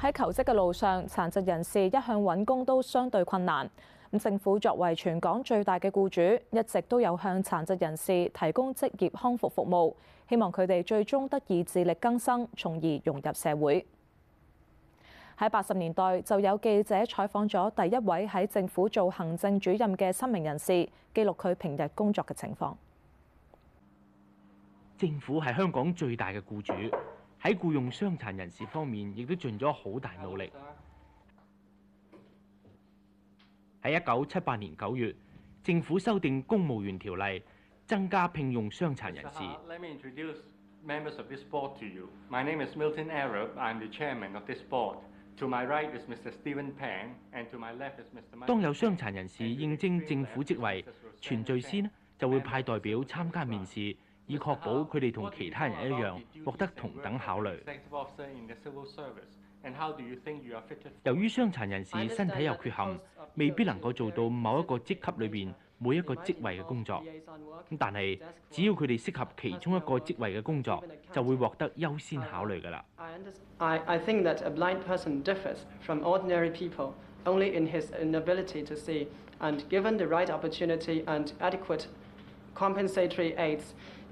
喺求職嘅路上，殘疾人士一向揾工都相對困難。咁政府作為全港最大嘅僱主，一直都有向殘疾人士提供職業康復服務，希望佢哋最終得以自力更生，從而融入社會。喺八十年代，就有記者採訪咗第一位喺政府做行政主任嘅失明人士，記錄佢平日工作嘅情況。政府係香港最大嘅僱主。喺雇用傷殘人士方面，亦都盡咗好大努力。喺一九七八年九月，政府修訂公務員條例，增加聘用傷殘人士。當有傷殘人士應徵政府職位，銓敘司就會派代表參加面試。以確保佢哋同其他人一樣獲得同等考慮。由於傷殘人士身體有缺陷，未必能夠做到某一個職級裏邊每一個職位嘅工作。咁但係只要佢哋適合其中一個職位嘅工作，就會獲得優先考慮㗎啦。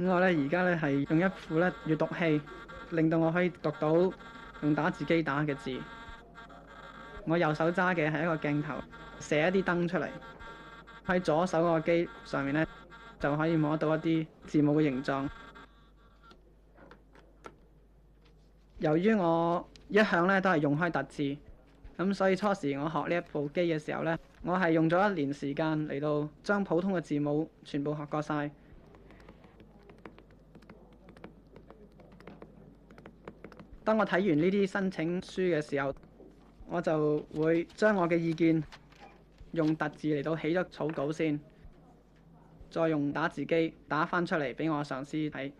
咁我咧而家咧係用一副咧閲讀器，令到我可以讀到用打字機打嘅字。我右手揸嘅係一個鏡頭，射一啲燈出嚟。喺左手個機上面咧，就可以摸到一啲字母嘅形狀。由於我一向咧都係用開凸字，咁所以初時我學呢一部機嘅時候咧，我係用咗一年時間嚟到將普通嘅字母全部學過晒。當我睇完呢啲申請書嘅時候，我就會將我嘅意見用凸字嚟到起咗草稿先，再用打字機打翻出嚟俾我上司睇。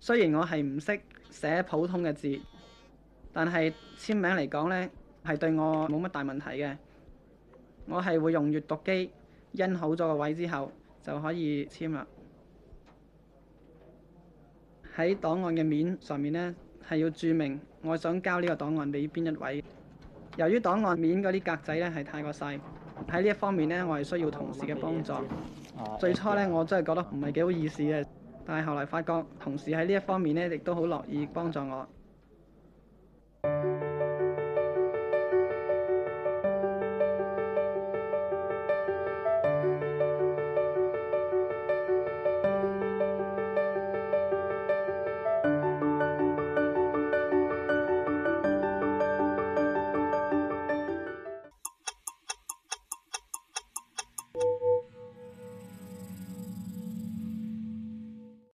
雖然我係唔識寫普通嘅字。但係簽名嚟講呢，係對我冇乜大問題嘅。我係會用閲讀機印好咗個位之後，就可以簽啦。喺檔案嘅面上面呢，係要注明我想交呢個檔案俾邊一位。由於檔案面嗰啲格仔呢，係太過細，喺呢一方面呢，我係需要同事嘅幫助。啊啊啊、最初呢，我真係覺得唔係幾好意思嘅，但係後來發覺同事喺呢一方面呢，亦都好樂意幫助我。